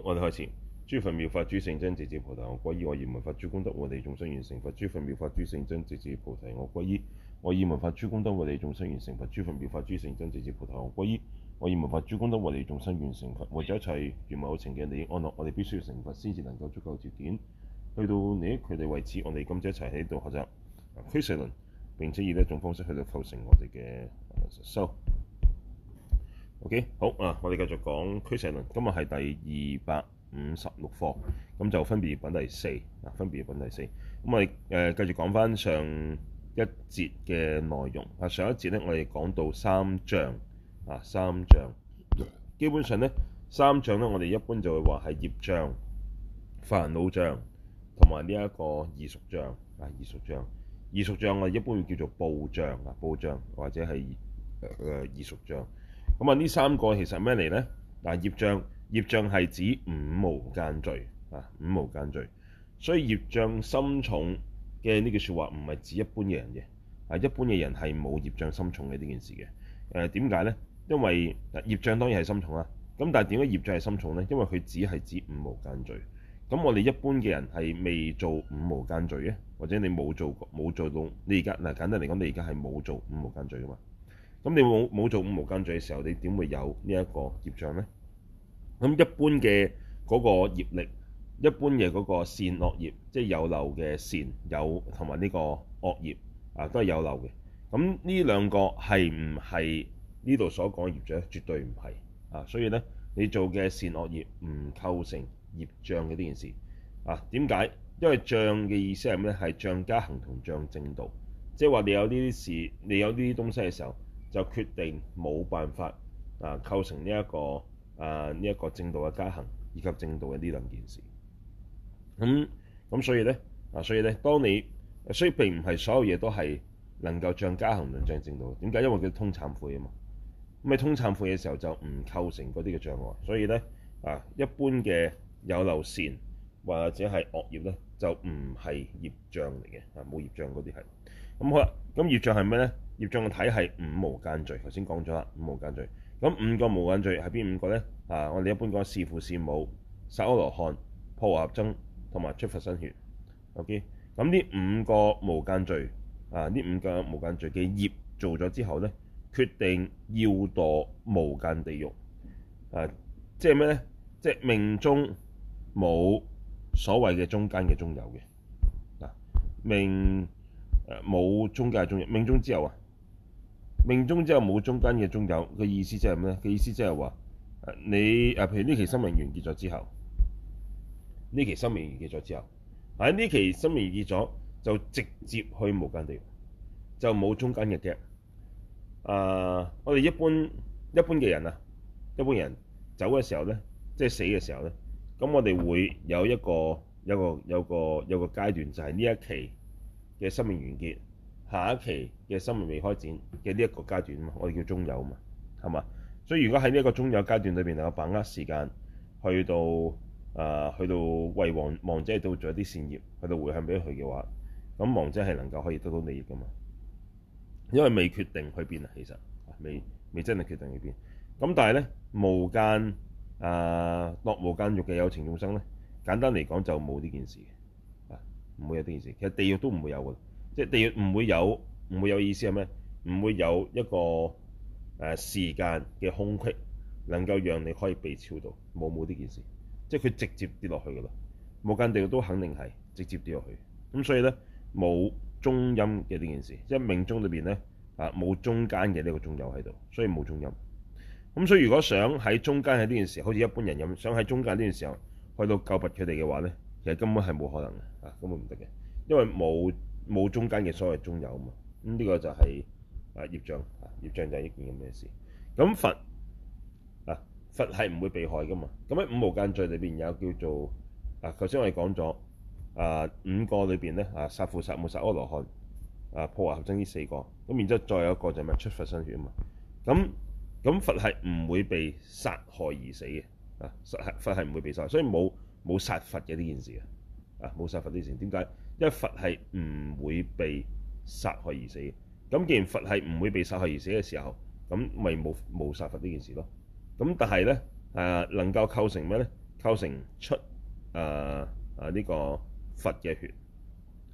我哋開始，諸佛妙法諸聖真直接菩提，我歸依；我以文法諸功德，我哋眾生完成佛；諸佛妙法諸聖真直接菩提，我歸依；我以文法諸功德，我哋眾生完成佛；諸佛妙法諸聖真直接菩提，我歸依；我以文法諸功德，我哋眾生完成佛。為咗一切圓滿我嘅情境，利益安樂。我哋必須要成佛，先至能夠足夠接典。去到你佢哋為止，我哋今次一齊喺度學習《俱舍論》，並且以呢一種方式去到構成我哋嘅實修。OK，好啊！我哋繼續講俱舍論，今日係第二百五十六課，咁就分別業品第四，啊，分別業品第四。咁我哋誒繼續講翻上一節嘅內容。啊，上一節咧，我哋講到三障，啊，三障。基本上咧，三障咧，我哋一般就會話係業障、煩惱障，同埋呢一個異熟障，啊，異熟障。異熟障我哋一般會叫做報障啊，報障或者係誒異熟障。咁啊，呢三個其實咩嚟呢？嗱，業障，業障係指五無間罪啊，五無間罪。所以業障深重嘅呢句說話唔係指一般嘅人嘅，啊，一般嘅人係冇業障深重嘅呢件事嘅。誒點解呢？因為業障當然係深重啦。咁但係點解業障係深重呢？因為佢只係指五無間罪。咁我哋一般嘅人係未做五無間罪嘅，或者你冇做過，冇做到。你而家嗱簡單嚟講，你而家係冇做五無間罪噶嘛？咁你冇冇做無間罪嘅時候，你點會有呢一個業障咧？咁一般嘅嗰個業力，一般嘅嗰個善惡業，即係有漏嘅善有同埋呢個惡業啊，都係有漏嘅。咁呢兩個係唔係呢度所講嘅業障咧？絕對唔係啊！所以咧，你做嘅善惡業唔構成業障嘅呢件事啊。點解？因為障嘅意思係咩咧？係障加行同障正道，即係話你有呢啲事，你有呢啲東西嘅時候，就決定冇辦法、這個、啊，構成呢一個啊呢一個正道嘅加行以及正道嘅呢兩件事，嗯。咁咁所以咧啊，所以咧，當你所以並唔係所有嘢都係能夠將加行轉正道。點解？因為叫通懺悔啊嘛。咁啊，通懺悔嘅時候就唔構成嗰啲嘅障礙。所以咧啊，一般嘅有漏善或者係惡業咧，就唔係業障嚟嘅啊，冇業障嗰啲係。咁好啦，咁業障係咩咧？業障嘅體係五無間罪，頭先講咗啦，五無間罪。咁五個無間罪係邊五個咧？啊，我哋一般講殺父、殺母、殺阿羅漢、破和合僧同埋出佛身血。OK，咁呢五個無間罪啊，呢五個無間罪嘅業做咗之後咧，決定要墮無間地獄啊，即係咩咧？即係命終冇所謂嘅中間嘅中、啊呃、有嘅嗱命，誒冇中間嘅中有命終之後啊！命中之後冇中間嘅中有嘅意思即係咩咧？嘅意思即係話，你譬如呢期生命完結咗之後，呢期生命完結咗之後，喺呢期生命完結咗就直接去無間地，就冇中間嘅嘅。誒、呃，我哋一般一般嘅人啊，一般人走嘅時候咧，即係死嘅時候咧，咁我哋會有一個有一個有一個有個階段，就係呢一期嘅生命完結。下一期嘅生命未開展嘅呢一個階段，我哋叫中有嘛，係嘛？所以如果喺呢一個中有階段裏邊能夠把握時間，去到啊、呃，去到為亡、亡者到做一啲善業，去到回向俾佢嘅話，咁亡者係能夠可以得到利益噶嘛？因為未決定去邊啊，其實未未真係決定去邊。咁但係咧，無間啊，墮、呃、無間獄嘅有情眾生咧，簡單嚟講就冇呢件事嘅啊，唔會有呢件事。其實地獄都唔會有㗎。即係地獄唔會有，唔會有，意思係咩？唔會有一個誒時間嘅空隙能夠讓你可以被超度，冇冇呢件事。即係佢直接跌落去㗎啦，無間地獄都肯定係直接跌落去。咁所以咧，冇中陰嘅呢件事，即係命終裏邊咧啊冇中間嘅呢個中有喺度，所以冇中陰。咁所以如果想喺中間喺呢件事，好似一般人咁想喺中間呢件事，去到救拔佢哋嘅話咧，其實根本係冇可能嘅啊，根本唔得嘅，因為冇。冇中間嘅所謂中有啊嘛，咁、這、呢個就係啊業障，業障就係一件咁嘅事。咁佛啊佛係唔會被害㗎嘛，咁喺五無間罪裏邊有叫做啊，頭先我哋講咗啊五個裏邊咧啊殺父、殺母、殺阿羅漢啊破和合僧呢四個，咁、啊、然之後再有一個就係咩出佛身血啊嘛，咁咁、啊、佛係唔會被殺害而死嘅啊，殺佛係唔會被殺，所以冇冇殺佛嘅呢件事啊，冇殺佛呢件事，點、啊、解？因為佛係唔會被殺害而死嘅，咁既然佛係唔會被殺害而死嘅時候，咁咪冇冇殺佛呢件事咯？咁但係咧，誒、呃、能夠構成咩咧？構成出誒誒呢個佛嘅血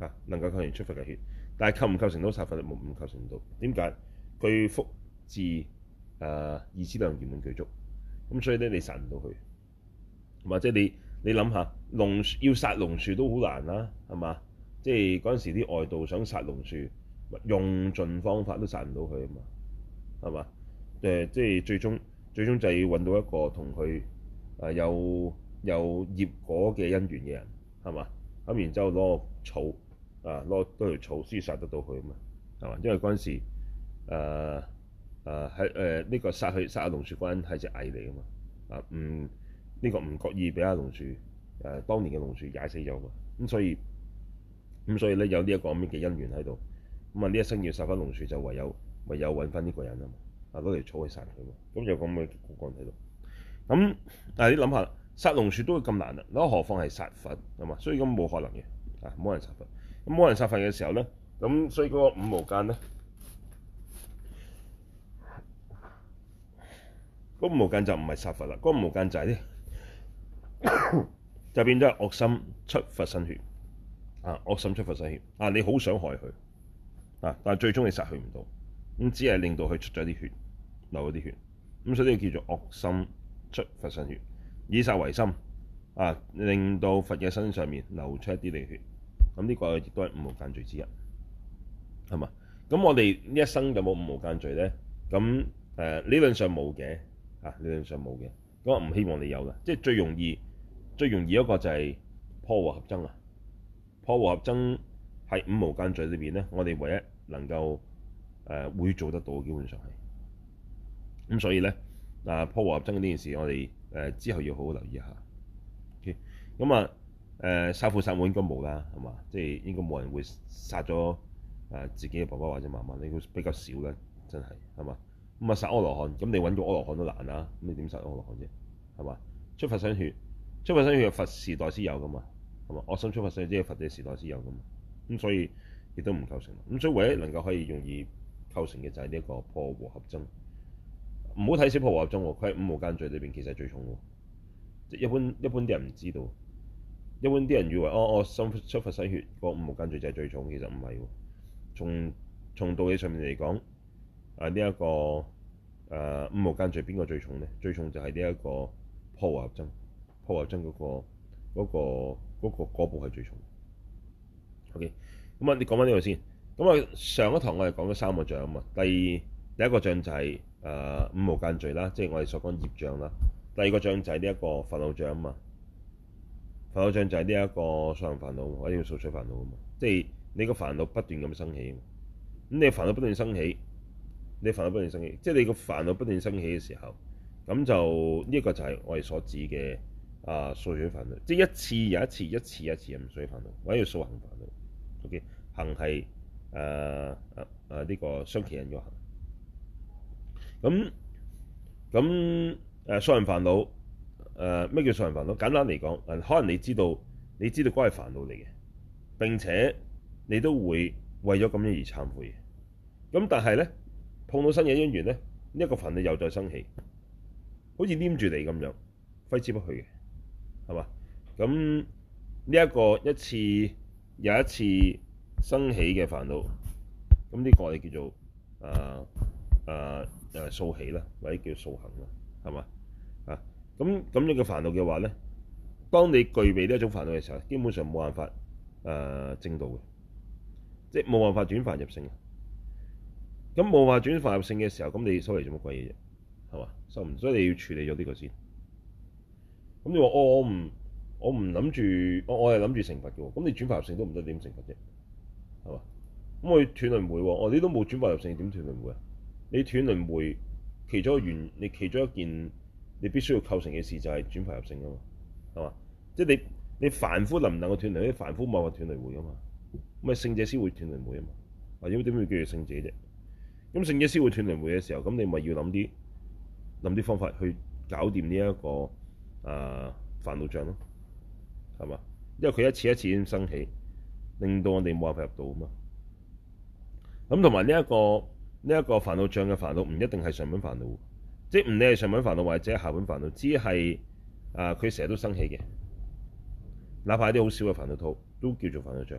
啊，能夠構成出佛嘅血，但係構唔構成到殺佛咧？冇構成到，點解？佢福智誒、呃、二資糧圓滿具足，咁所以咧你殺唔到佢，或者你你諗下，龍要殺龍樹都好難啦，係嘛？即係嗰陣時啲外道想殺龍樹，用盡方法都殺唔到佢啊嘛，係嘛？即係最終最終就係要揾到一個同佢有有業果嘅姻緣嘅人，係嘛？咁然之後攞個草啊，攞條草先殺得到佢啊嘛，係嘛？因為嗰陣時誒喺誒呢個殺佢殺阿龍樹嗰陣係隻蟻嚟嘛啊，唔呢、呢個唔覺意俾阿龍樹、啊、當年嘅龍樹踩死咗嘛，咁所以。咁所以咧，有呢一個咁嘅因緣喺度，咁啊呢一生要殺翻龍樹就唯有唯有揾翻呢個人啊嘛，啊攞條草去殺佢嘛，咁有咁嘅古講喺度。咁但係你諗下啦，殺龍樹都會咁難啦，嗱何況係殺佛啊嘛，所以咁冇可能嘅，啊冇人殺佛。咁冇人殺佛嘅時候咧，咁所以嗰個五毛間咧，嗰、那個、五無間就唔係殺佛啦，嗰、那個、五無間就係、是、咧， 就變咗惡心出佛身血。啊！惡心出佛身血啊！你好想害佢啊！但係最終你殺佢唔到，咁只係令到佢出咗啲血，流咗啲血，咁所以呢個叫做惡心出佛身血，以殺為心啊！令到佛嘅身上面流出一啲嚟血，咁、啊、呢、這個亦都係五無間罪之一，係嘛？咁我哋呢一生有冇五無間罪咧？咁誒、呃、理論上冇嘅，啊理論上冇嘅，咁、啊、我唔希望你有嘅，即係最容易最容易一個就係破和合僧啊！破和合僧係五無間罪裏邊咧，我哋唯一能夠誒、呃、會做得到，基本上係咁，所以咧嗱，破和合僧呢件事，我哋誒、呃、之後要好好留意一下。咁啊誒殺父殺母、就是、應該冇啦，係嘛？即係應該冇人會殺咗誒自己嘅爸爸或者媽媽，呢個比較少啦，真係係嘛？咁啊殺阿羅漢，咁你搵咗阿羅漢都難啦、啊，咁你點殺阿羅漢啫？係嘛？出佛身血，出佛身血佛時代先有㗎嘛？咁啊！惡心出佛身血，即係佛者時代先有嘛。咁所以亦都唔構成咁。所以唯一能夠可以容易構成嘅就係呢一個破和合僧。唔好睇小破和合僧、哦，佢五無間罪裏邊其實最重嘅。即一般一般啲人唔知道，一般啲人以為哦惡心出佛身血嗰五無間罪就係最重，其實唔係。從從道理上面嚟講，啊呢一個誒、呃、五無間罪邊個最重咧？最重就係呢一個破和合僧，破和合僧嗰嗰個。那個嗰、那個嗰部係最重的。OK，咁啊，你講翻呢度先。咁啊，上一堂我哋講咗三個障啊嘛。第二第一個障就係、是、誒、呃、五無間罪啦，即係我哋所講業障啦。第二個障就係呢一個煩惱障啊嘛，煩惱障就係呢一個數行煩惱，或者叫數取煩惱啊嘛。即係你個煩惱不斷咁升起，咁你煩惱不斷升起，你煩惱不斷升起，即係你個煩惱不斷升起嘅時候，咁就呢一、這個就係我哋所指嘅。啊！數數煩惱，即係一次又一次，一次又一次又唔數煩惱。或者要數行煩惱。O.K. 行係誒誒誒呢個雙企人咗行。咁咁誒數人煩惱誒咩、呃、叫數人煩惱？簡單嚟講，誒可能你知道你知道嗰係煩惱嚟嘅，並且你都會為咗咁樣而懺悔。咁但係咧碰到新嘅姻緣咧呢一個煩惱又再生起，好似黏住你咁樣揮之不去嘅。係嘛？咁呢一個一次又一次生起嘅煩惱，咁呢個我哋叫做誒誒誒數起啦，或者叫數行啦，係嘛？吓咁咁樣嘅煩惱嘅話咧，當你具備呢一種煩惱嘅時候，基本上冇辦法誒、呃、正道嘅，即係冇辦法轉凡入聖。嘅。咁冇法轉凡入聖嘅時候，咁你收嚟做乜鬼嘢啫？係嘛？收唔所以你要處理咗、這、呢個先。咁你話我我唔我唔諗住，我我係諗住成佛嘅喎。咁你轉凡入聖都唔得，點成佛啫，係嘛？咁佢斷輪迴喎，我哋都冇轉凡入聖，點斷輪迴啊？你斷輪迴其中一原，你其中一件你必須要構成嘅事就係轉凡入聖啊嘛，係嘛？即係你你凡夫能唔能夠斷輪？啲凡夫冇話斷輪迴噶嘛，咪聖者先會斷輪迴啊嘛。或者為點會叫做聖者啫？咁聖者先會斷輪迴嘅時候，咁你咪要諗啲諗啲方法去搞掂呢一個。啊！煩惱障咯，係嘛？因為佢一次一次咁升起，令到我哋冇辦法入道啊嘛。咁同埋呢一個呢一個煩惱障嘅煩惱，唔一定係上品煩惱，即係唔理係上品煩惱或者下品煩惱，只係啊佢成日都升起嘅。哪怕啲好少嘅煩惱套都叫做煩惱障，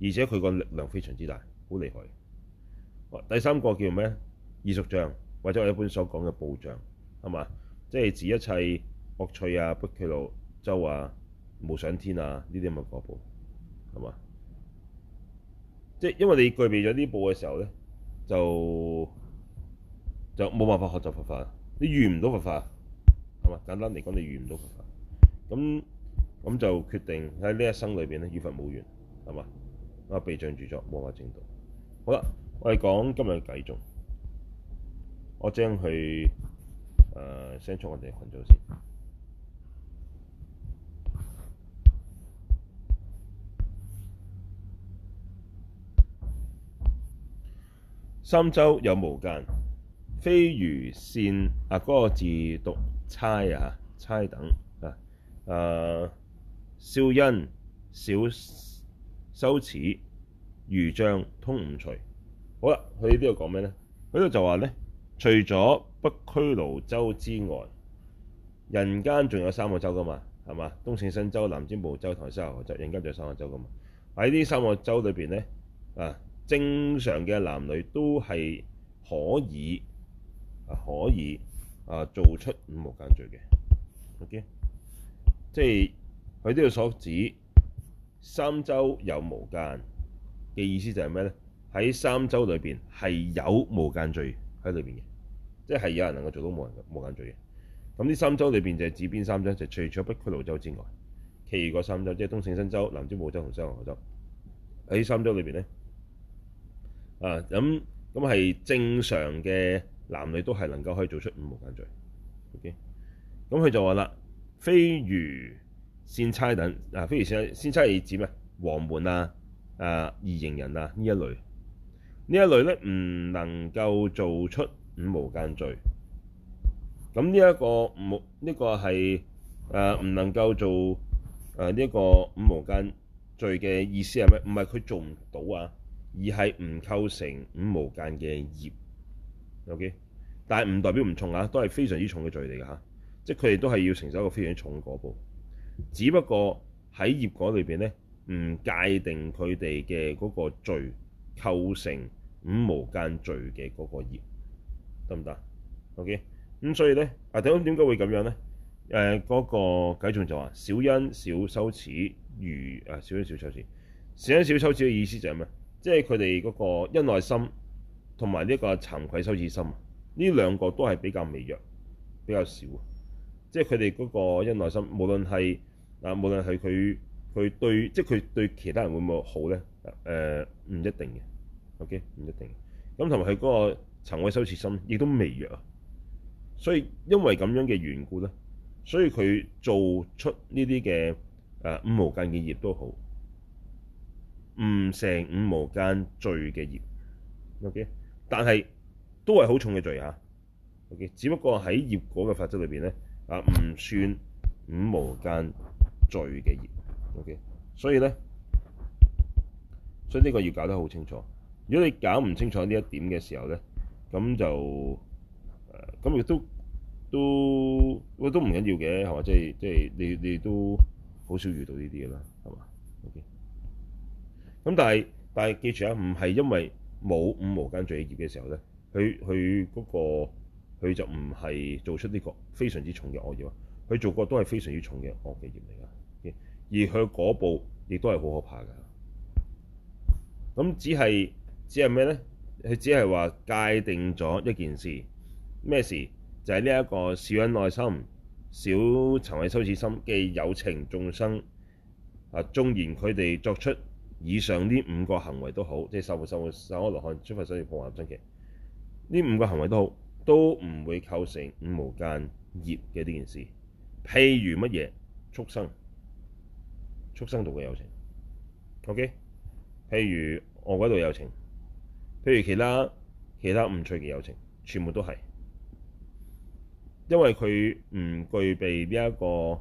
而且佢個力量非常之大，好厲害。第三個叫咩？異熟障，或者我一般所講嘅報障係嘛？即係指一切，惡趣啊！北俱盧洲啊！無想天啊！呢啲咪惡報係嘛？即係因為你具備咗呢部嘅時候咧，就就冇辦法學習佛法，你遇唔到佛法係嘛？簡單嚟講，你遇唔到佛法，咁咁就決定喺呢一生裏邊咧，與佛冇緣係嘛？啊，被障住咗，冇法證道。好啦，我哋講今日繼續，我將佢誒 send 出我哋群組先。三洲有無間，非餘扇搋啊，嗰、那個字讀差啊，差等啊，誒、啊、少恩少羞恥，餘障通五趣。好啦，佢呢度講講咩咧？佢呢就話咧，除咗北俱盧洲之外，人間仲有三個州噶嘛，係嘛？東勝身洲、南贍部洲、同西牛貨洲，人間仲有三個州噶嘛。喺呢三個州裏面咧，啊～正常嘅男女都係可以啊，可以啊，做出五無間罪嘅。OK，即係佢呢度所指三洲有無間嘅意思就係咩咧？喺三洲裏邊係有無間罪喺裏邊嘅，即、就、係、是、有人能夠做到無人無間罪嘅。咁呢三洲裏邊就係指邊三洲？就是、除咗北俱盧洲之外，其餘個三洲即係、就是、東勝身洲、南贍部洲同西牛貨洲喺三洲裏邊咧。啊，咁咁係正常嘅男女都係能夠可以做出五無間罪。O.K. 咁佢就話啦，非餘扇搋等啊，非餘扇搋，扇搋係指咩？黃門啊，啊二形人啊呢一類，呢一類咧唔能夠做出五無間罪。咁呢一個冇呢、呢個係誒唔能夠做誒呢一個五無間罪嘅意思係咩？唔係佢做唔到啊。而係唔構成五無間嘅業，OK，但係唔代表唔重啊，都係非常之重嘅罪嚟嘅嚇。即係佢哋都係要承受一個非常之重嘅果報。只不過喺業果裏邊咧，唔界定佢哋嘅嗰個罪構成五無間罪嘅嗰個業，得唔得？OK，咁所以咧阿點解點解會咁樣咧？誒、啊，嗰、那個偈頌就話啊，少恩少羞恥如啊，少恩少羞恥。少恩少羞恥嘅意思就係咩？即係佢哋嗰個恩愛心，同埋呢個慚愧羞恥心，呢兩個都係比較微弱，比較少。即係佢哋嗰個恩愛心，無論係啊，無論係佢佢對，即係佢對其他人會唔會好咧？誒、啊，唔一定嘅，OK，唔一定。咁同埋佢嗰個慚愧羞恥心亦都微弱啊。所以因為咁樣嘅緣故咧，所以佢做出呢啲嘅誒五無間嘅業都好。唔成五無間罪嘅業，O K，但係都係好重嘅罪吓，O K，只不過喺業果嘅法則裏邊咧啊，唔算五無間罪嘅業，O K，所以咧，所以呢個要搞得好清楚。如果你搞唔清楚呢一點嘅時候咧，咁就誒，咁亦都都我都唔緊要嘅，係嘛？即係即係你你都好少遇到呢啲嘅啦，係嘛？O K。Okay? 咁但係，但係記住啊，唔係因為冇五無間罪業嘅時候咧，佢佢嗰個佢就唔係做出呢個非常之重嘅惡業。佢做過都係非常之重嘅惡嘅業嚟噶，而佢嗰步亦都係好可怕噶。咁只係只係咩咧？佢只係話界定咗一件事，咩事？就係呢一個少恩愛心、少慚愧羞恥心嘅有情眾生啊，縱然佢哋作出，以上呢五個行為都好，即係殺父、殺母、殺阿羅漢、出佛身血、破和合僧嘅。呢五個行為都好，都唔會構成五無間業嘅呢件事。譬如乜嘢畜生，畜生道嘅有情，OK？譬如惡鬼道有情，譬如其他其他惡趣嘅有情，全部都係，因為佢唔具備呢、這、一個誒、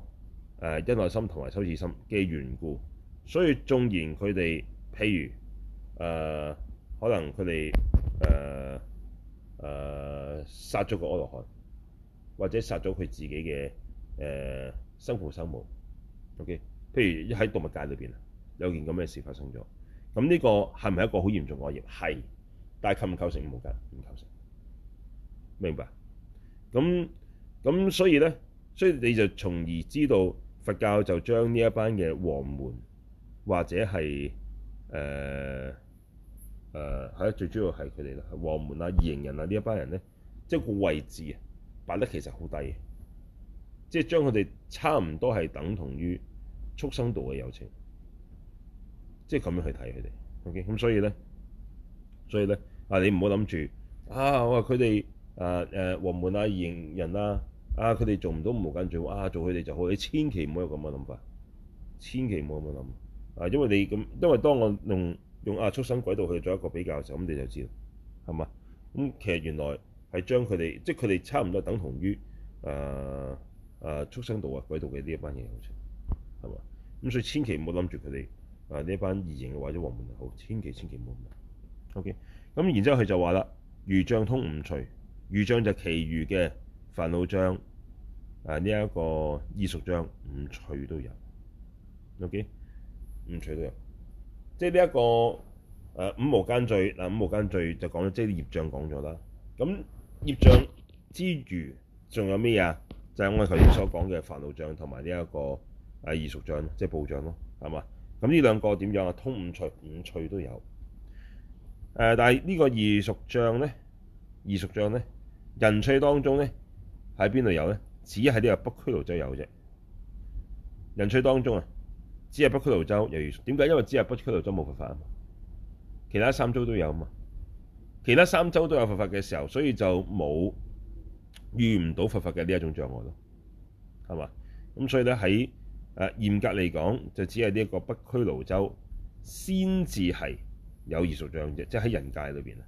呃、因愛心同埋羞恥心嘅緣故。所以縱然佢哋，譬如誒、呃，可能佢哋誒誒殺咗個阿羅漢，或者殺咗佢自己嘅誒、呃、生父生母。O.K.，譬如喺動物界裏邊啊，有件咁嘅事發生咗。咁呢個係咪一個好嚴重嘅惡業？係，但係構唔構成冇㗎，唔構成。明白？咁咁，所以咧，所以你就從而知道佛教就將呢一班嘅黃門。或者係誒誒係啦，最主要係佢哋啦，黃門啊、二形人啊呢一班人咧，即係個位置啊擺得其實好低，即係將佢哋差唔多係等同於畜生道嘅有情，即係咁樣去睇佢哋。OK，咁所以咧，所以咧啊，你唔好諗住啊，我話佢哋啊誒黃、啊、門啊二形人啊，啊，佢哋做唔到無間罪啊，做佢哋就好，你千祈唔好有咁嘅諗法，千祈唔好咁樣諗。啊，因為你咁，因為當我用用啊畜生鬼道去做一個比較嘅時候，咁你就知道係嘛？咁其實原來係將佢哋即係佢哋差唔多等同於啊啊畜生道啊鬼道嘅呢一班嘢，好似係嘛？咁所以千祈唔好諗住佢哋啊呢一班二形嘅或者黃門又好，千祈千祈唔好。OK，咁然之後佢就話啦：餘障通五趣，餘障就其餘嘅煩惱障啊呢一、這個異熟障，五趣都有。OK。五趣都有，即係呢一個誒、呃、五無間罪嗱，五無間罪就講咗，即係業障講咗啦。咁業障之餘，仲有咩啊？就係、是、我哋頭先所講嘅煩惱障同埋呢一個誒異熟障，即係報障咯，係嘛？咁呢兩個點樣啊？通五趣，五趣都有。誒、呃，但係呢個異熟障咧，異熟障咧，人趣當中咧喺邊度有咧？只喺呢個北俱盧洲就有啫。人趣當中啊～只係北俱盧洲有異熟，點解？因為只係北俱盧洲冇佛法啊嘛，其他三州都有啊嘛，其他三州都有佛法嘅時候，所以就冇遇唔到佛法嘅呢一種障礙咯，係嘛？咁所以咧喺誒嚴格嚟講，就只係呢一個北俱盧洲先至係有異熟障啫，即係喺人界裏邊啊，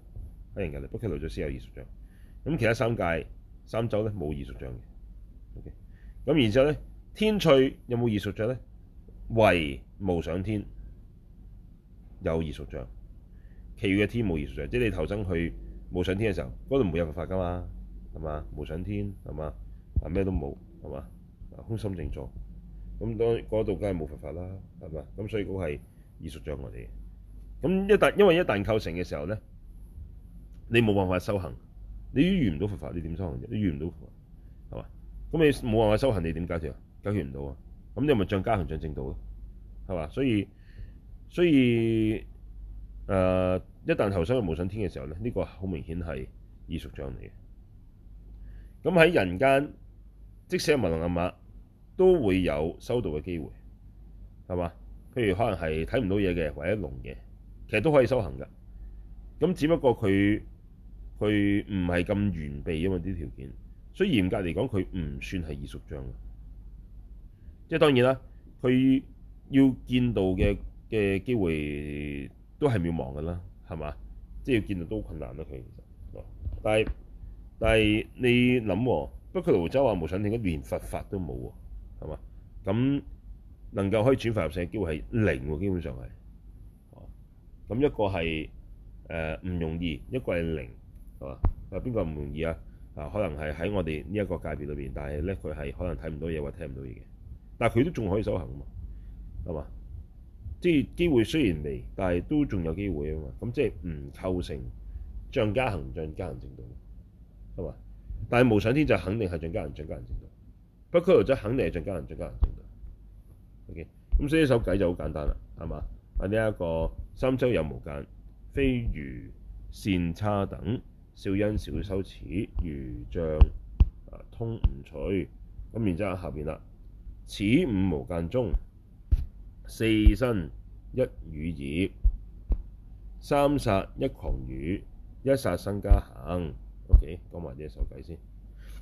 喺人界咧北俱盧洲先有異熟障，咁其他三界三州咧冇異熟障嘅。咁、okay? 然之後咧，天趣有冇異熟障咧？唯無想天有異熟障。其餘嘅天無異熟障，即係你投生去無想天嘅時候，嗰度唔會有佛法噶嘛，係嘛？無想天係嘛？啊咩都冇，係嘛？啊空心正坐，咁當嗰度梗係冇佛法啦，係嘛？咁所以嗰係異熟障我。我哋咁一旦因為一旦構成嘅時候咧，你冇辦法修行，你遇唔到佛法，你點修行啫？你遇唔到佛法，係嘛？咁你冇辦法修行，你點解決？解決唔到啊！咁你咪將加行將正道咯，係嘛？所以所以誒、呃，一旦投生去無想天嘅時候咧，呢、這個好明顯係異熟障嚟嘅。咁喺人間，即使盲聾喑啞，都會有修道嘅機會，係嘛？譬如可能係睇唔到嘢嘅，或者聾嘅，其實都可以修行噶。咁只不過佢佢唔係咁完備，因為啲條件。所以嚴格嚟講，佢唔算係異熟障。即係當然啦，佢要見到嘅嘅機會都係渺茫㗎啦，係嘛？即係要見到都困難啦，佢其實。但係但係你諗、啊，北俱盧洲話無想天，而家連佛法都冇喎，係嘛？咁能夠可以轉佛入聖嘅機會係零喎，基本上係。咁一個係誒唔容易，一個係零，係嘛？邊個唔容易啊？啊可能係喺我哋呢一個界別裏面，但係咧佢係可能睇唔到嘢或聽唔到嘢嘅。但佢都仲可以修行啊，係嘛？即係機會雖然嚟，但係都仲有機會啊嘛。咁即係唔構成漲加行、漲加行正道，係嘛？但係無想天就肯定係漲加行、漲加行正道。北俱盧洲肯定係漲加行、漲加行正道。OK，咁所以呢首偈就好簡單啦，係嘛？啊，呢一個三洲有無間，非餘扇搋等，少恩少羞恥，餘障啊，通五趣咁，然之後喺下面啦。此五無間中，四身一語業，三殺一誑語，一殺生加行。OK，講埋呢首偈先。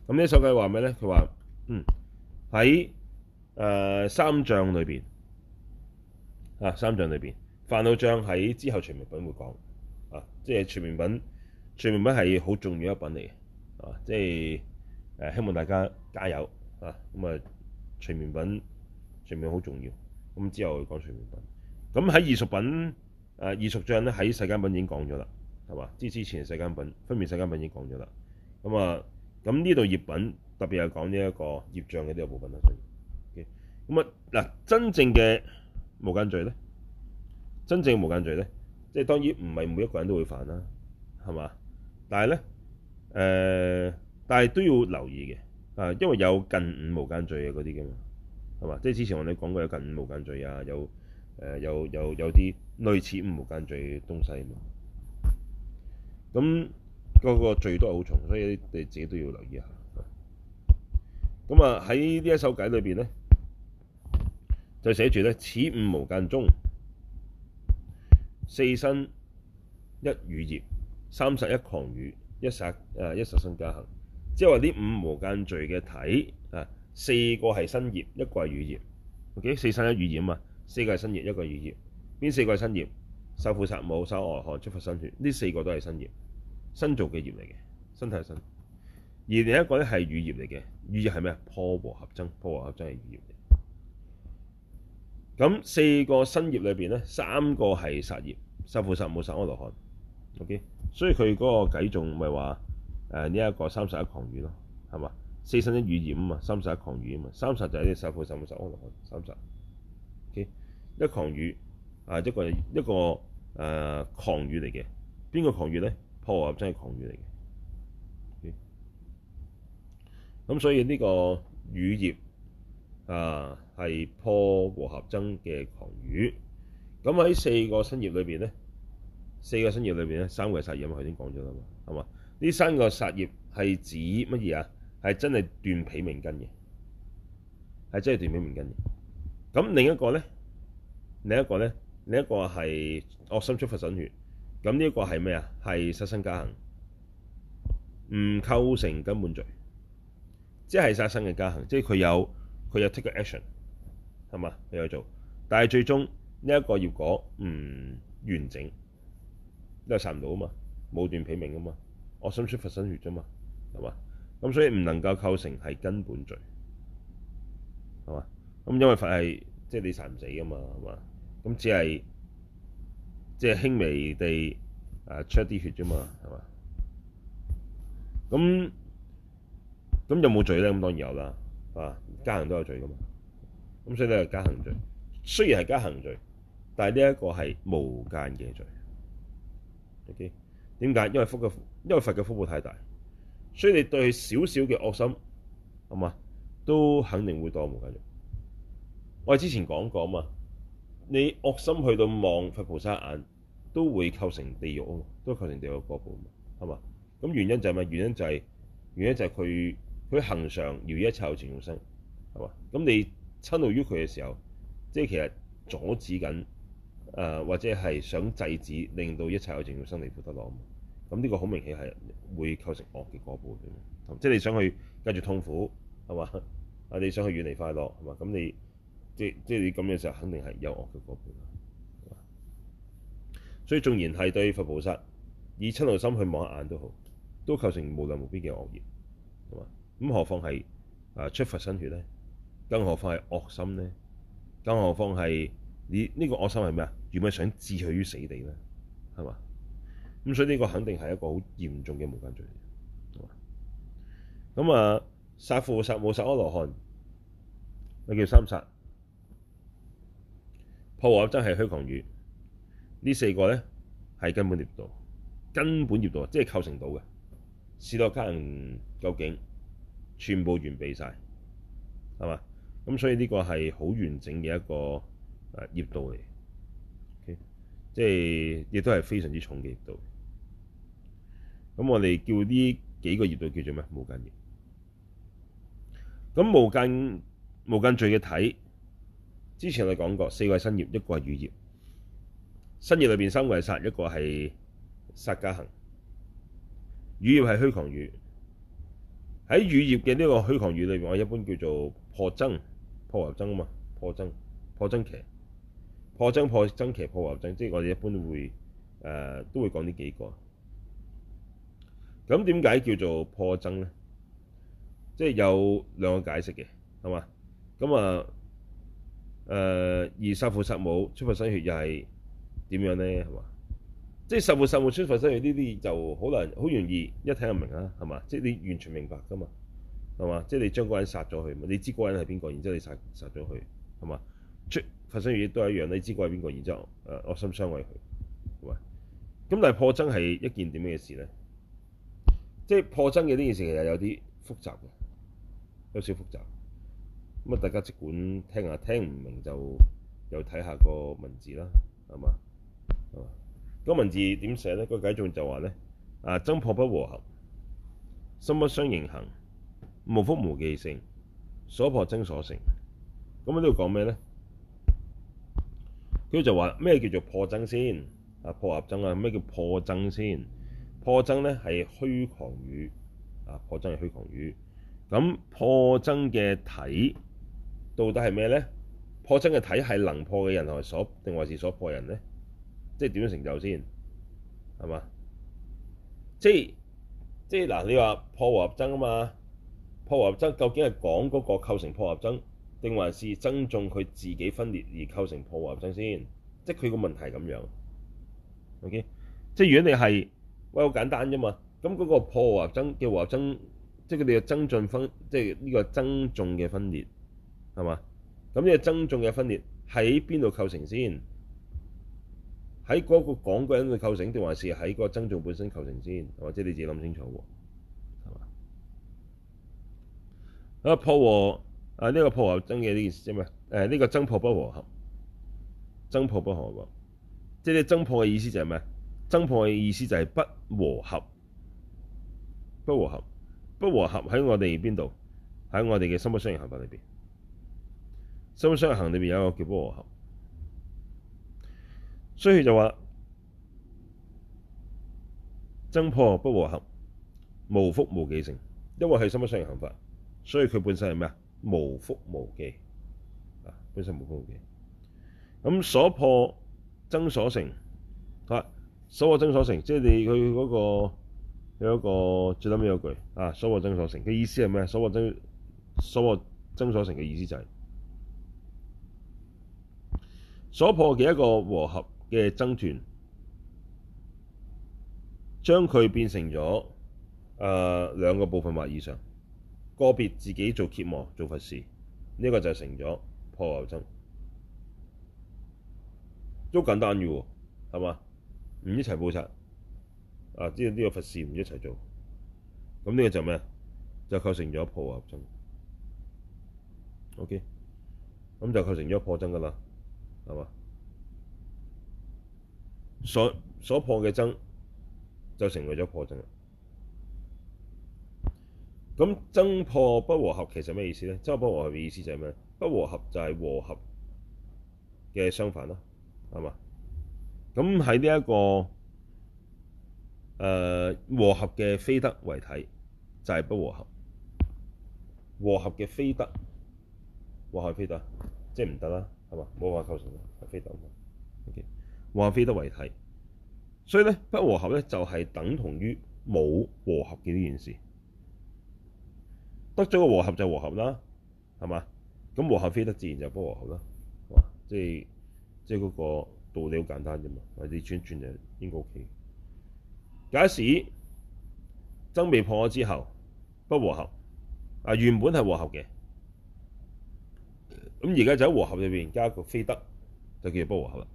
咁呢首偈話咩咧？佢話：嗯，喺誒、呃、三障裏邊啊，三障裏邊煩惱障喺之後隨眠品會講啊。即係隨眠品，隨眠品係好重要一品嚟嘅啊。即係誒、啊，希望大家加油啊！咁、嗯、啊～睡眠品，睡眠好重要。咁之後去講睡眠品。咁喺藝術品，誒、啊、藝術像咧喺世間品已經講咗啦，係嘛？之之前世間品，分別世間品已經講咗啦。咁啊，咁呢度葉品，特別係講呢一個葉像嘅呢個部分啦。咁啊，嗱，真正嘅無間罪咧，真正嘅無間罪咧，即係當然唔係每一個人都會犯啦，係嘛？但係咧，誒、呃，但係都要留意嘅。啊，因為有近五無間罪嘅嗰啲嘅嘛，係嘛？即係之前我哋講過有近五無間罪啊，有誒有有有啲類似五無間罪東西啊嘛。咁、那個個罪都係好重，所以你自己都要留意下。咁啊喺呢一首偈裏邊咧，就寫住咧，此五無間中，四身一語業，三殺一誑語，一殺一殺生加行。即係話呢五無間罪嘅體啊，四個係身業，一個係語業，O K 四身一語業啊嘛，四個係身業，一個係語業。邊四個係身業？殺父殺母、殺阿羅漢、出佛身血。呢四個都係身業，身造嘅業嚟嘅，身係身。而另一個咧係語業嚟嘅，語業係咩啊？破和合僧，破和合僧係語業嘅。咁四個身業裏面咧，三個係殺業，殺父殺母、殺阿羅漢。O、okay? K，所以佢嗰個偈仲唔係話？誒呢一個三十一狂雨咯，係嘛？四身一語業啊嘛，三殺一誑語啊嘛，三殺，就是三五十就係啲殺父殺母殺阿落去，三殺。O、okay? K，一誑語啊，一個一個誒、呃、誑語嚟嘅，邊個誑語咧？破和合僧係誑語嚟嘅。咁所以呢個語業啊係破和合僧嘅誑語。咁、okay? 喺、啊、四個身業裏面咧，四個身業裏面咧，三個係殺業啊嘛，我已經講咗啦嘛，係嘛？呢三個殺業係指乜嘢啊？係真係斷彼命根嘅，係真係斷彼命根嘅。咁另一個咧，另一個咧，另一個係惡心出佛身血。咁呢一個係咩啊？係殺生加行，唔構成根本罪，即係殺生嘅加行，即係佢有佢有 take action 係嘛？佢有做，但係最終呢一個業果唔完整，因為殺唔到啊嘛，冇斷彼命啊嘛。我心出佛身血啫嘛，係嘛？咁所以唔能夠構成係根本罪，係嘛？咁因為佛係即係你殺唔死噶嘛，係嘛？咁只係即係輕微地啊出啲血啫嘛，係嘛？咁咁有冇罪咧？咁當然有啦，啊，加行都有罪噶嘛？咁所以咧係加行罪，雖然係加行罪，但係呢一個係無間嘅罪。OK？點解？因為福嘅。因為佛嘅福報太大，所以你對少少嘅惡心，係嘛，都肯定會墮無間獄。我哋之前講過啊嘛，你惡心去到望佛菩薩眼，都會構成地獄啊，都會構成地獄果報啊，係嘛？咁原因就係咩？原因就係、是，原因就係佢佢恆常饒益一切有情眾生，係嘛？咁你親怒於佢嘅時候，即係其實阻止緊，誒、呃、或者係想制止，令到一切有情眾生來福德，離不得啊。咁呢個好明顯係會構成惡嘅部分，同即係你想去繼續痛苦係咪？啊你想去遠離快樂係咪？咁你即即係你咁嘅時候，肯定係有惡嘅部分。所以縱然係對佛菩薩以瞋怒心去望一眼都好，都構成無量無邊嘅惡業，係嘛？咁何況係出佛身血呢？更何況係惡心呢？更何況係你呢、呢個惡心係咩啊？原本想置佢於死地呢？係嘛？咁所以呢個肯定係一個好嚴重嘅無間罪。咁啊，殺父殺母殺阿羅漢，又叫三殺，破和合真係虛誑語。呢四個咧係根本業道，根本業道即係構成道嘅。士多卡人究竟全部完備晒，係嘛？咁所以呢個係好完整嘅一個啊業道嚟，即係亦都係非常之重嘅業道。咁我哋叫呢幾個業道叫做咩？無間業。咁無間無間罪嘅體，之前我講過，四個係身業，一個係語業，身業裏邊三個係殺，一個係殺加行，語業係虛誑語。喺語業嘅呢個虛誑語裏邊，我一般叫做破僧破和合僧啊嘛，破僧破僧伽，破僧破僧伽破和合僧，即係我哋一般會誒都會講呢、呃、幾個。咁點解叫做破僧咧？即係有兩個解釋嘅，係嘛？咁啊，誒，而殺父殺母，出佛身血又係點樣咧？係嘛？即係殺父殺母，出佛身血呢啲就好難好容易一睇就明啦，係嘛？即係你完全明白噶嘛，係嘛？即係你將嗰個人殺咗佢，你知嗰個人係邊個，然之後你殺殺咗佢，係嘛？出佛身血亦都一樣，你知個人係邊個，然之後誒惡心傷害佢，係咪？咁但係破僧係一件點嘅事咧？即係破僧嘅呢件事，其實有啲複雜嘅，有少複雜。咁啊，大家即管聽下，聽唔明就又睇下個文字啦，係嘛？係嘛？咁、那個、文字點寫咧？那個偈頌就話咧，啊僧破不和合，心不相應行，無覆無記性，所破僧所成。咁啊都要講咩咧？佢就話咩叫做破僧先？啊破合僧啊？咩叫破僧先？破僧咧係虛誑語啊！破僧係虛誑語。咁破僧嘅體到底係咩咧？破僧嘅體係能破嘅人，定所定還是所破的人咧？即係點樣成就先，係嘛？即係即係嗱，你話破和合僧啊嘛？破和合僧究竟係講嗰個構成破合僧，定還是僧眾佢自己分裂而構成破和合僧先？即係佢個問題係咁樣。OK，即係如果你係。喂、哎，好簡單啫嘛。咁嗰個破和合僧叫和合僧，即係佢哋嘅僧進分，即係呢個僧眾嘅分裂，係嘛？咁呢個僧眾嘅分裂喺邊度構成先？喺嗰個講緊嘅人嘅構成，定還是喺嗰個僧眾本身構成先？或者、就是、你自己諗清楚喎，係嘛？咁破和啊，呢個破和，啊這個、破和合僧嘅呢件事啫嘛。誒、啊，呢、這個僧破不和合，僧破不和合，合，即、就、係、是、你僧破嘅意思就係咩？僧破嘅意思就係不和合，不和合，不和合喺我哋邊度？喺我哋嘅心不相應行法裏邊，心不相應行裏邊有一個叫不和合，所以就話僧破不和合，無覆無記性，因為係心不相應行法，所以佢本身係咩啊？無覆無記啊，本身無覆無記。咁所破僧所成。所破僧所成，即係你、佢、那、嗰個、那個那個、有一個最咩有句啊，所破僧所成嘅意思係咩、就是，所破僧所破僧所成嘅意思就係所破嘅一個和合嘅僧團，將佢變成咗誒兩個部分或以上，個別自己做羯磨、做佛事，呢、這個就係成咗破僧，都簡單嘅喎，係嘛？唔一齊布薩，啊！呢個呢個佛事唔一齊做，咁呢個就咩？就構成咗破和合僧。O.K.，咁就構成咗破僧噶啦，係嘛？所所破嘅僧就成為咗破僧。咁僧破不和合其實咩意思咧？僧破不和合嘅意思就係咩？不和合就係和合嘅相反咯，係嘛？咁喺呢一個誒、呃、和合嘅非得為體就係、是、不和合，和合嘅非得，和合非得，即係唔得啦，係嘛？冇話構成嘅，係非得。嘅、OK。O.K.，和非得為體，所以咧不和合咧就係等同於冇和合嘅呢件事。得咗個和合就和合啦，係嘛？咁和合非得自然就不和合啦，係嘛？即係即係、那、嗰個。道理好簡單啫嘛，或者轉轉嘢應該 OK。假使僧被破咗之後不和合，啊原本係和合嘅，咁而家就喺和合裏邊加一個非德，就叫做不和合。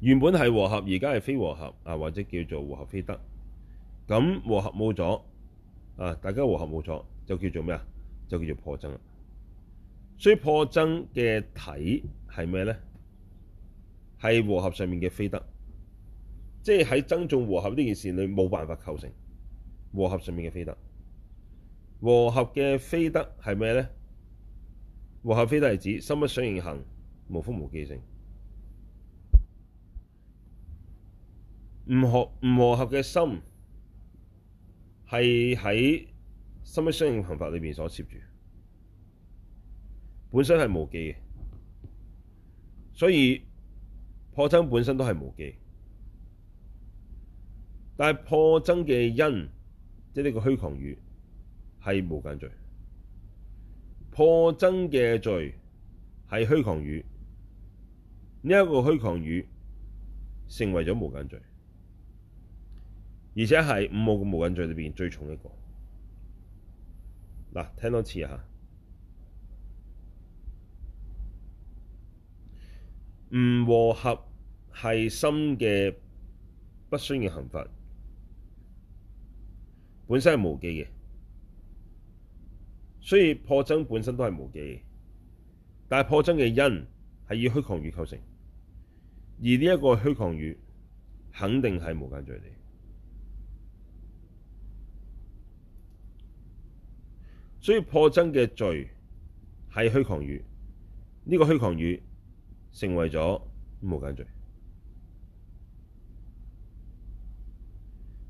原本係和合，而家係非和合，啊或者叫做和合非德。咁和合冇咗，啊大家和合冇咗，就叫做咩啊？就叫做破僧。所以破僧嘅體。係咩咧？係和合上面嘅非得，即係喺僧眾和合呢件事裏冇辦法構成和合上面嘅非得。和合嘅非得係咩咧？和合非得係指心不相應行，無覆無記性。唔和唔和合嘅心係喺心不相應行法裏邊所攝住，本身係無記嘅。所以破僧本身都係無記，但係破僧嘅因，即呢個虛誑語，係無間罪。破僧嘅罪係虛誑語，呢、這、一個虛誑語成為咗無間罪，而且係五個嘅無間罪裏邊最重一個。嗱，聽多一次嚇。唔和合係心嘅不相應嘅行法，本身係無記嘅，所以破僧本身都係無記嘅。但係破僧嘅因係以虛誑語構成，而呢一個虛誑語肯定係無間罪嚟。所以破僧嘅罪係虛誑語，呢個虛誑語，成為咗無間罪，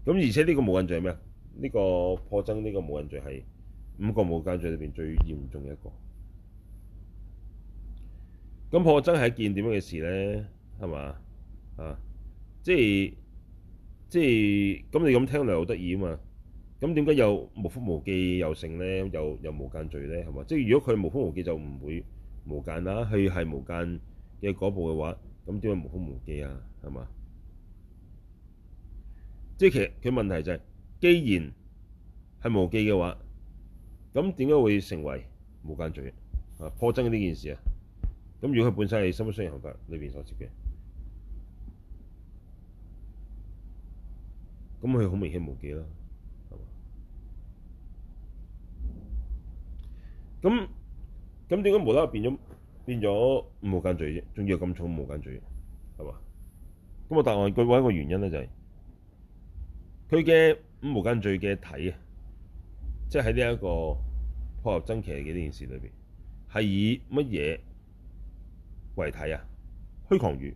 咁而且呢個無間罪係咩啊？呢、這個破僧呢個無間罪係五個無間罪裏邊最嚴重嘅一個。咁破僧係一件點樣嘅事咧？係嘛啊？即係即係咁你咁聽嚟好得意啊嘛？咁點解又無覆無記又成咧？又又冇間罪咧？係嘛？即係如果佢無覆無記就唔會無間啦，佢係冇間。嘅嗰步嘅話，咁點解無覆無記嘅？係嘛？即係其實佢問題就係，既然係無記嘅話，咁點解會成為無間罪嘅？啊，破僧呢件事啊？咁如果佢本身係《心不相應行法》裏邊所攝嘅，咁佢好明顯無記啦，係嘛？咁咁點解無啦入變咗？變咗五無間罪啫，仲要咁重五無間罪，係嘛？咁啊，我答案佢話一個原因咧，就是，就係佢嘅五無間罪嘅體啊，即係喺呢一個破合僧奇嘅呢件事裏邊，係以乜嘢為體啊？虛誑語，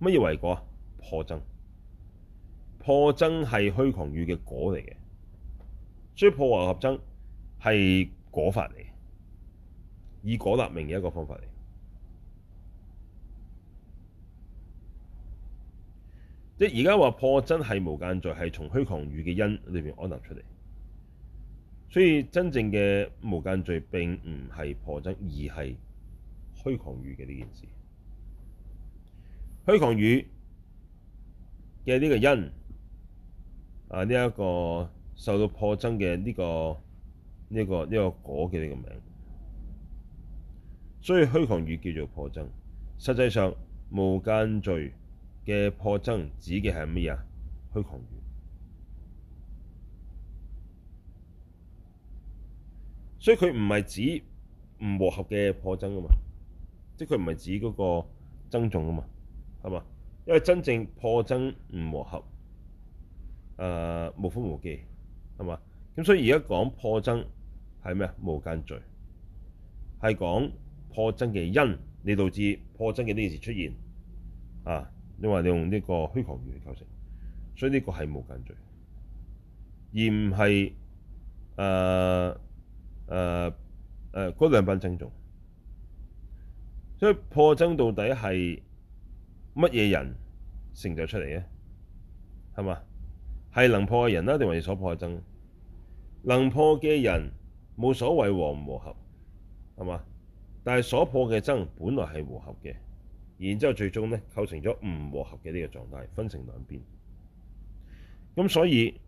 乜嘢為果啊？破僧，破僧係虛誑語嘅果嚟嘅，所以破和合僧係果法嚟。以果立名嘅一個方法嚟，即係而家話破僧係無間罪，係從虛誑語嘅因裏邊安立出嚟，所以真正嘅無間罪並唔係破僧，而係虛誑語嘅呢件事，虛誑語嘅呢個因，啊呢一個受到破僧嘅呢個呢個呢個果嘅呢個名。所以虛誑語叫做破僧，實際上無間罪嘅破僧指嘅係乜嘢啊？虛誑語，所以佢唔係指唔和合嘅破僧噶嘛，即係佢唔係指嗰個僧眾噶嘛，係嘛？因為真正破僧唔和合，誒、呃、無覆無記，係嘛？咁所以而家講破僧係咩啊？無間罪係講。破僧嘅因，你導致破僧嘅呢件事出現啊！因為你用呢個虛誑語嚟構成，所以呢個係無間罪，而唔係誒誒誒嗰兩班僧眾。所以破僧到底係乜嘢人成就出嚟嘅？係嘛？係能破嘅人啦，定還是所破嘅僧？能破嘅人冇所謂和唔和合，係嘛？但係所破嘅僧本來係和合嘅，然之後最終咧構成咗唔和合嘅呢個狀態，分成兩邊。咁所以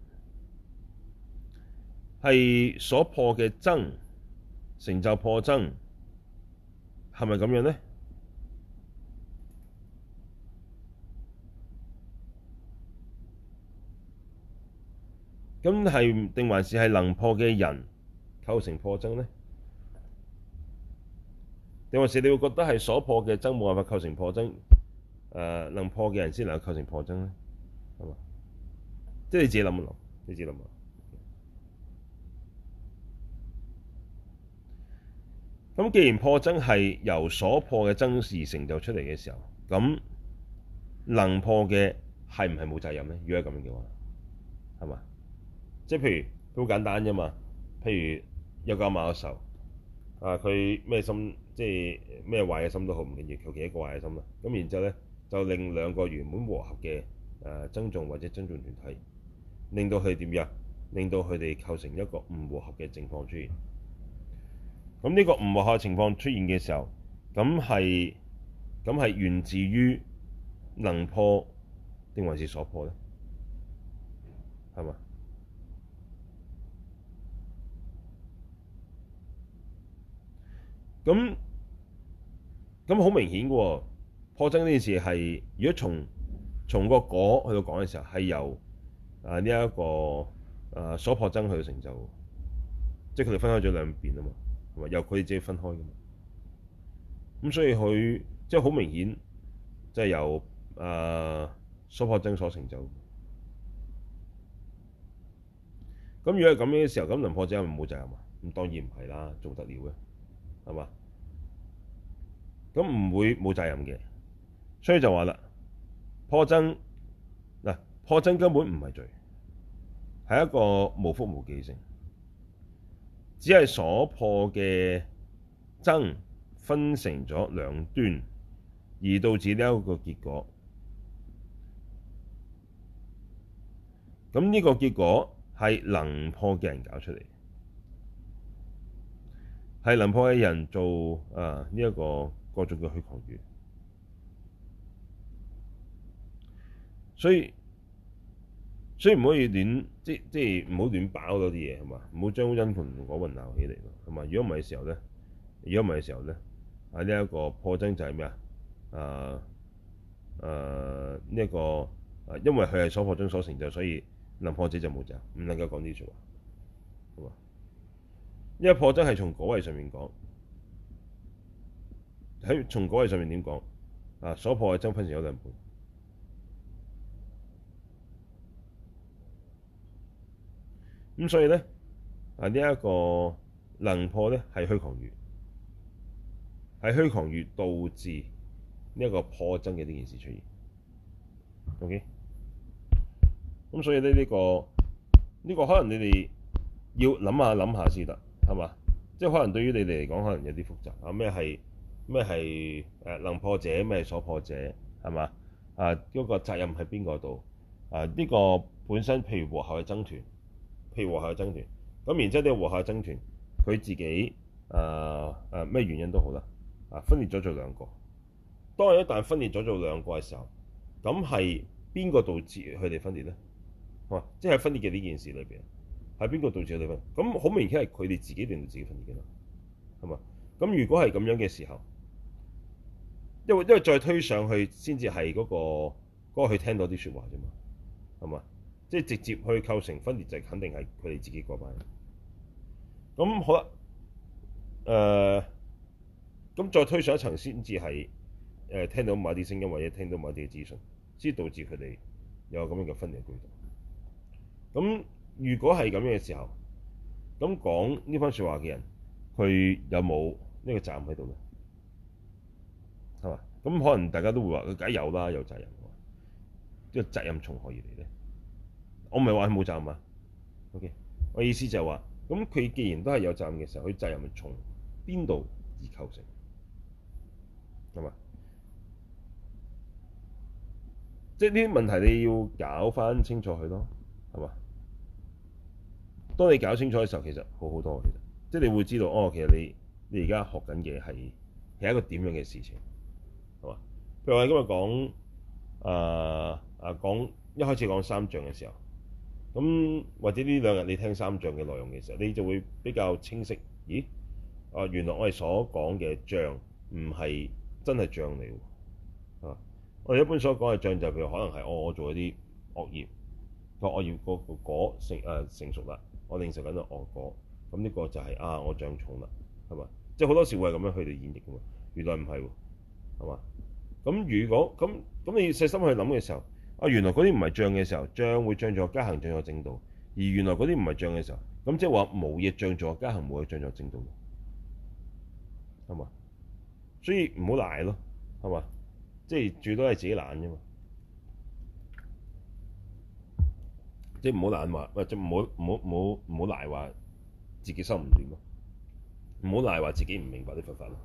係所破嘅僧成就破僧，係咪咁樣呢？咁係定還是係能破嘅人構成破僧呢？定還是你會覺得係所破嘅僧冇辦法構成破僧？誒、呃，能破嘅人先能夠構成破僧咧，係嘛？即係你自己諗一諗，你自己諗下。咁既然破僧係由所破嘅僧事成就出嚟嘅時候，咁能破嘅係唔係冇責任咧？如果係咁樣嘅話，係嘛？即係譬如都好簡單啫嘛，譬如有九九九受，啊，佢咩心？即係咩壞嘅心都好，唔緊要，求其一個壞嘅心啦。咁然之後咧，就令兩個原本和合嘅誒僧眾或者僧眾團體，令到佢點樣？令到佢哋構成一個唔和合嘅情況出現。咁呢個唔和合情況出現嘅時候，咁係咁係源自於能破定還是所破咧？係嘛？咁。咁好明顯嘅喎破僧呢件事係，如果從從那個果去到講嘅時候，係由啊呢一、這個啊所破僧去到成就，即係佢哋分開咗兩邊啊嘛，係咪由佢哋自己分開㗎嘛？咁所以佢即係好明顯，即係由啊所破僧所成就。咁如果係咁樣嘅時候，咁能破僧係咪冇責任啊？咁當然唔係啦，做得了嘅係嘛。咁唔會冇責任嘅，所以就話啦，破僧嗱破僧根本唔係罪，係一個無覆無記性，只係所破嘅僧分成咗兩端，而導致呢一個結果。咁呢個結果係能破嘅人搞出嚟，係能破嘅人做啊呢、這、一個。各種嘅虛誑嘅，所以所以唔可以亂即即唔好亂爆嗰啲嘢係嘛，唔好將因果混淆起嚟，係嘛？如果唔係嘅時候咧，如果唔係嘅時候咧，喺呢一個破僧就係咩啊？誒誒呢一個誒、啊，因為佢係所破僧所成就，所以能破者就冇障，唔能夠講呢啲説話，係嘛？因、這、為、個、破僧係從果位上面講。喺從果位上面點講啊？所破嘅僧分成有兩半咁，所以咧啊呢一個能破咧係虛誑語，係虛誑語導致呢一個破僧嘅呢件事出現。O K，咁所以咧、這、呢個呢、這個可能你哋要諗下諗下先得，係嘛？即、就、係、是、可能對於你哋嚟講，可能有啲複雜啊咩係。咩係能破者？咩係所破者？係嘛啊？嗰、這個責任喺邊個度啊？呢、這個本身譬如和合嘅僧團，譬如和合嘅僧團，咁然之後呢個和合嘅僧團，佢自己誒咩、啊啊啊、原因都好啦，啊分裂咗做兩個。當你一旦分裂咗做兩個嘅時候，咁係邊個導致佢哋分裂咧、啊？即係分裂嘅呢件事裏面，係邊個導致佢哋分裂？咁好明顯係佢哋自己令到自己分裂嘅啦，係嘛？咁如果係咁樣嘅時候。因為因為再推上去先至係嗰個嗰個去聽到啲説話啫嘛，係嘛？即係直接去構成分裂就肯定係佢哋自己嗰班人。咁好啦，誒，咁再推上一層先至係誒聽到某啲聲音或者聽到某啲資訊，先導致佢哋有咁樣嘅分裂舉動。咁如果係咁樣嘅時候，咁講呢番説話嘅人，佢有冇呢個站喺度咧？嘛？咁可能大家都會話：佢梗係有啦，有責任。即係呢個責任從何而嚟咧？我唔係話佢冇責任。OK，我意思就係話：咁佢既然都係有責任嘅時候，佢責任係從邊度而構成？係嘛？即係呢啲問題你要搞翻清楚佢咯。係嘛？當你搞清楚嘅時候，其實好好多，其實即係你會知道，哦，其實你你而家學緊嘅係係一個點樣嘅事情。係嘛？譬如我哋今日講誒誒講一開始講三障嘅時候，咁或者呢兩日你聽三障嘅內容嘅時候，你就會比較清晰。咦？啊，原來我哋所講嘅障唔係真係障嚟喎。啊，我哋一般所講嘅障就譬如可能係我做一啲惡業，個惡業嗰個果成誒成熟啦，我領食緊個惡果，咁呢個就係啊我障重啦，係嘛？即係好多時會係咁樣去到演繹嘅嘛。原來唔係。係嘛？咁如果咁咁，你細心去諗嘅時候，啊，原來嗰啲唔係漲嘅時候，漲會漲咗加行，漲咗正道；而原來嗰啲唔係漲嘅時候，咁即係話無嘢漲咗加行，冇嘢漲咗正道。係嘛？所以唔好賴咯，係嘛？即係最多係自己懶啫嘛。即係唔好賴話，喂，即係唔好唔好唔好唔好賴話自己收唔到，唔好賴話自己唔明白啲佛法咯，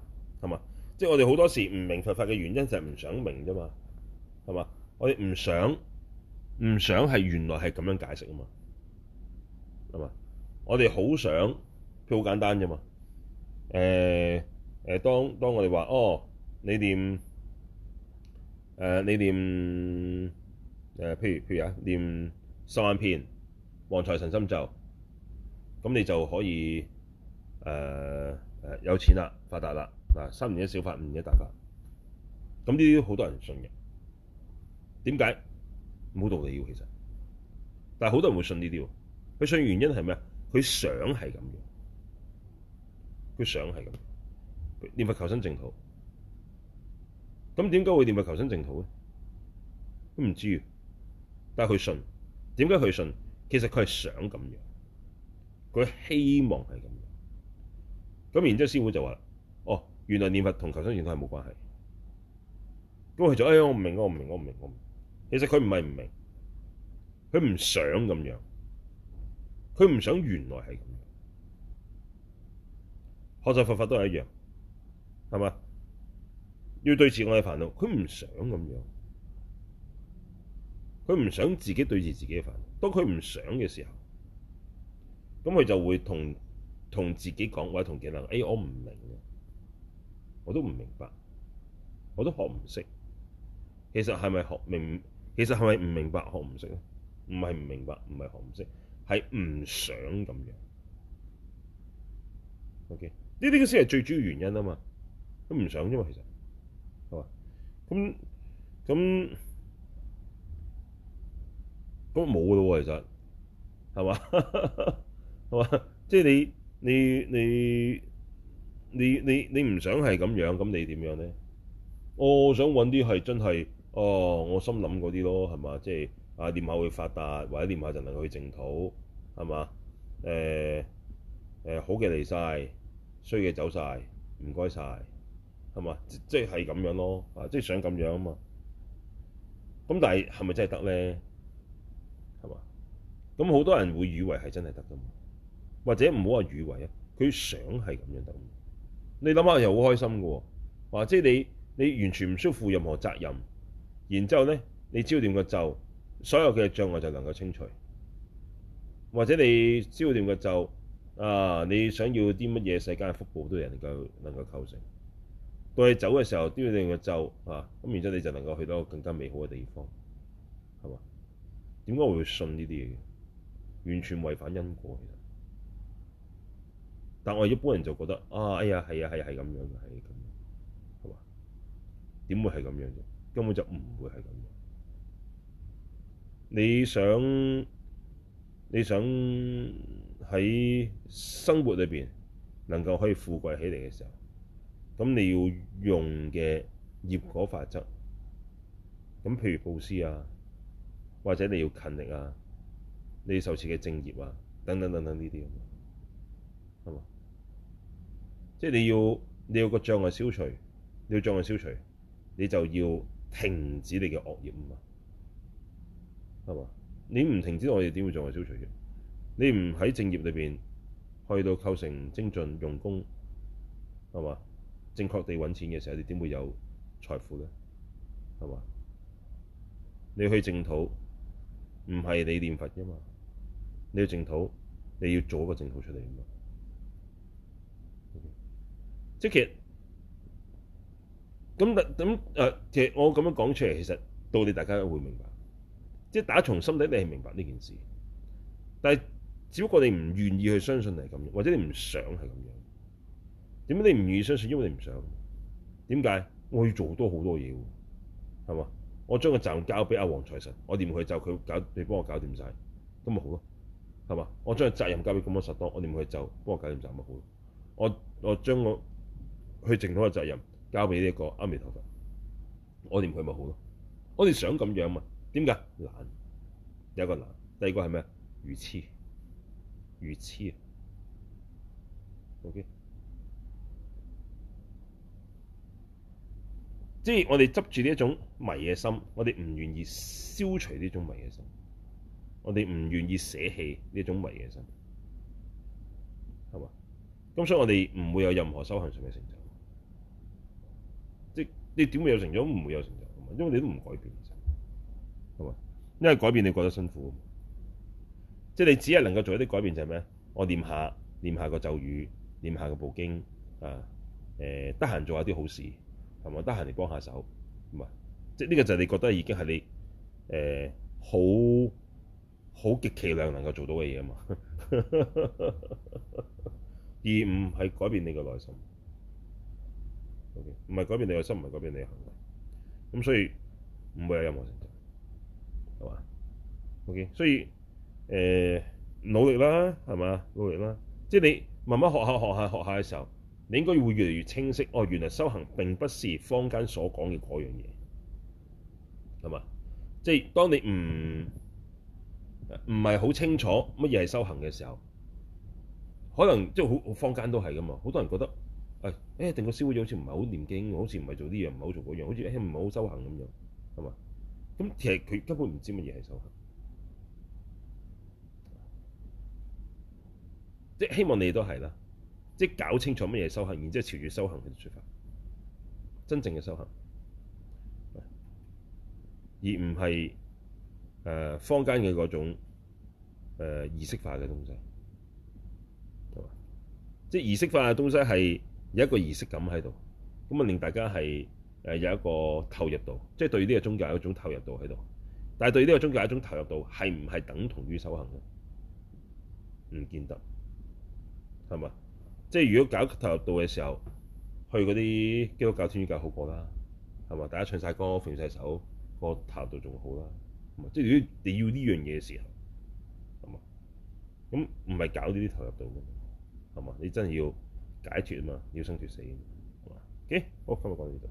係嘛？即係我哋好多時唔明佛法嘅原因，就係唔想明啫嘛，係嘛？我哋唔想唔想係原來係咁樣解釋啊嘛，係嘛？我哋好想，佢好簡單啫嘛。誒、呃、誒、呃，當當我哋話哦，你念誒、呃，你念誒、呃，譬如譬如啊，念三萬遍《黃財神心咒》，咁你就可以誒誒、呃、有錢啦，發達啦。嗱，三年一小法，五年一大法。咁呢啲好多人信嘅，點解冇道理要其實？但係好多人會信呢啲喎。佢信原因係咩？佢想係咁嘅，佢想係咁。念佛求生淨土，咁點解會念佛求生淨土咧？都唔知。但係佢信，點解佢信？其實佢係想咁樣，佢希望係咁。咁然之後，師傅就話。原來念佛同求生淨土係冇關係。咁佢就誒、哎，我唔明，我唔明，我唔明，我唔明。其實佢唔係唔明，佢唔想咁樣，佢唔想原來係咁。學習佛法都係一樣，係嘛？要對住我嘅煩惱，佢唔想咁樣，佢唔想自己對住自己嘅煩惱。當佢唔想嘅時候，咁佢就會同同自己講，哎，或者同技能，哎，我唔明嘅。我都唔明白，我都學唔識。其實係咪學明？其實係咪唔明白學唔識咧？唔係唔明白，唔係學唔識，係唔想咁樣。OK，呢啲先係最主要原因啊嘛。都唔想，啫嘛？其實，係嘛？咁咁咁冇咯喎，其實係嘛？係嘛？即係你你你。你你你你你唔想係咁樣，咁你點樣咧，哦？我想揾啲係真係哦，我心諗嗰啲咯，係嘛？即係啊，念下會發達，或者念下就能去淨土，係嘛？誒、呃、誒、呃，好嘅嚟晒，衰嘅走晒，唔該晒，係嘛？即係係咁樣咯，啊，即係想咁樣啊嘛。咁但係係咪真係得咧？係嘛？咁好多人會以為係真係得噶嘛？或者唔好話以為啊，佢想係咁樣得。你諗下又好開心嘅，或者你你完全唔需要負任何責任，然之後咧你燒掂個咒，所有嘅障礙就能夠清除，或者你燒掂個咒啊，你想要啲乜嘢世間嘅福報都有能夠能夠構成，到你走嘅時候燒掂個咒啊，咁然之後你就能夠去到更加美好嘅地方，係嘛？點解會信呢啲嘢嘅？完全違反因果嘅。但我一般人就覺得啊，哎呀，係啊，係啊，係咁樣嘅，係咁，係嘛？點會係咁樣嘅？根本就唔會係咁樣。你想你想喺生活裏邊能夠可以富貴起嚟嘅時候，咁你要用嘅業果法則，咁譬如布施啊，或者你要勤力啊，你受持嘅正業啊，等等等等呢啲。即係你要，你要個障礙消除，你要障礙消除，你就要停止你嘅惡業啊嘛，係嘛？你唔停止我哋點會障礙消除嘅？你唔喺正業裏邊去到構成精進用功，係嘛？正確地揾錢嘅時候，你點會有財富咧？係嘛？你去淨土唔係你念佛噶嘛？你要淨土，你要做一個淨土出嚟啊嘛！即係其實咁咁、啊、其實我咁樣講出嚟，其實道理大家會明白。即係打從心底，你係明白呢件事，但係只不過你唔願意去相信係咁樣，或者你唔想係咁樣。點解你唔願意相信？因為你唔想這。點解我要做多好多嘢？係嘛？我將個責任交俾阿黃財神，我連去就佢搞，你幫我搞掂晒，咁咪好咯？係嘛？我將個責任交俾咁多實當，我連去就幫我搞掂晒咪好？我我將我。去正統嘅責任交俾呢一個阿彌陀佛，我哋唔去咪好咯？我哋想咁樣嘛？點解？難，第一個難，第二個係咩？愚痴，愚痴啊。啊！O K，即係我哋執住呢一種迷嘅心，我哋唔願意消除呢種迷嘅心，我哋唔願意捨棄呢種迷嘅心，係嘛？咁所以我哋唔會有任何修行上嘅成就。你點會有成就？唔會有成就，因為你都唔改變，係嘛？因為改變你覺得辛苦，即係、就是、你只係能夠做一啲改變就係咩？我念下念下個咒語，念下個布經啊，誒、呃，得閒做下啲好事，係嘛？得閒嚟幫下手，唔係，即係呢個就係你覺得已經係你誒好好極其量能夠做到嘅嘢啊嘛， 而唔係改變你嘅內心。O.K. 唔係改變你嘅心，唔係改變你嘅行為，咁所以唔會有任何成就，係嘛？O.K. 所以誒努力啦，係嘛？努力啦，即係你慢慢學下學下學下嘅時候，你應該會越嚟越清晰。哦，原來修行並不是坊間所講嘅嗰樣嘢，係嘛？即係當你唔唔係好清楚乜嘢係修行嘅時候，可能即係好坊間都係噶嘛，好多人覺得。誒、哎、誒，定覺師傅好似唔係好念經，好似唔係做啲樣，唔係做嗰樣，好似誒唔係好修行咁樣，係嘛？咁其實佢根本唔知乜嘢係修行，即、就、係、是、希望你都係啦，即、就、係、是、搞清楚乜嘢係修行，然之後朝住修行去出發，真正嘅修行，而唔係誒坊間嘅嗰種誒、呃、儀式化嘅東西，係嘛？即、就、係、是、儀式化嘅東西係。有一個儀式感喺度，咁啊令大家係誒有一個投入度，即係對呢個宗教有一種投入度喺度。但係對呢個宗教一種投入度係唔係等同於守恒咧？唔見得，係嘛？即係如果搞投入度嘅時候，去嗰啲基督教、天主教好過啦，係嘛？大家唱晒歌、揈晒手，個投入度仲好啦。咁啊，即係如果你要呢樣嘢嘅時候，係嘛？咁唔係搞呢啲投入度嘅，係嘛？你真係要。解決嘛，要生脫死，嘛。好嘛？OK，好，今日講到呢度。